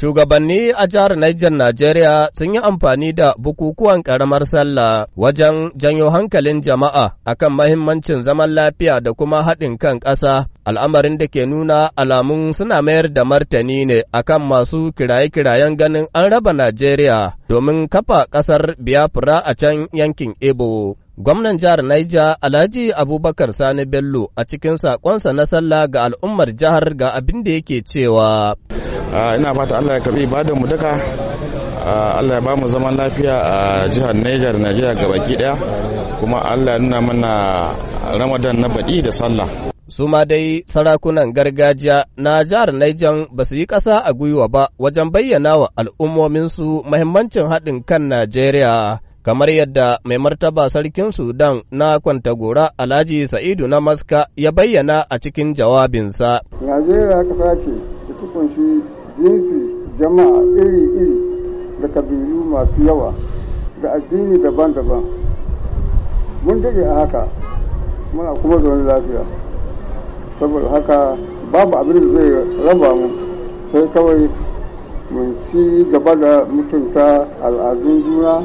Shugabanni a jihar Niger Najeriya sun yi amfani da bukukuwan ƙaramar sallah wajen janyo hankalin jama'a akan mahimmancin zaman lafiya da kuma haɗin kan ƙasa, al'amarin da ke nuna alamun suna mayar da martani ne akan masu kiraye-kirayen ganin an raba Najeriya domin kafa ƙasar Biafra a can yankin ebo Gwamnan jihar Niger Alhaji Abubakar Sani Bello a cikin saƙonsa na sallah ga al'ummar jihar ga abin da yake cewa. Ah, ina fata allah ya karbi ibadan mu duka ah, allah ya ba mu zaman lafiya a jihar niger ga baki daya kuma allah ya nuna mana ramadan na baɗi da sallah su ma dai sarakunan gargajiya na jihar Niger ba su yi ƙasa a gwiwa ba wajen bayyana wa al'ummominsu mahimmancin haɗin kan Najeriya. Kamar yadda mai martaba sarkin Sudan na kwanta gora Alhaji Sa'idu na Maska ya bayyana a cikin jawabinsa. Najeriya ƙasa ce da kunshi jinsi jama'a iri-iri da kabilu masu yawa da addini daban-daban mun dade a haka muna kuma zaune lafiya saboda haka babu abin da zai raba mu sai kawai mun ci gaba da mutunta al'adun juna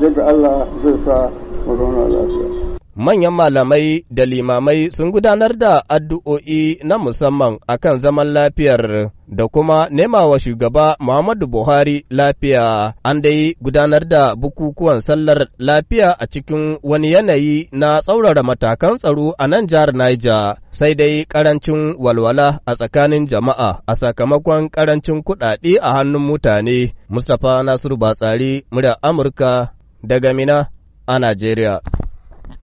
yadda allah zai sa mu zauna lafiya manyan malamai da limamai sun gudanar da addu'o'i na musamman a kan zaman lafiyar da kuma Nemawa shugaba Muhammadu Buhari lafiya, an dai gudanar da bukukuwan sallar lafiya a cikin wani yanayi na tsaurara matakan tsaro a nan jihar Niger, sai dai karancin walwala a tsakanin jama'a a sakamakon karancin kuɗaɗe a hannun mutane. Mustapha Nasiru Batsari, murya Amurka daga Mina a Najeriya.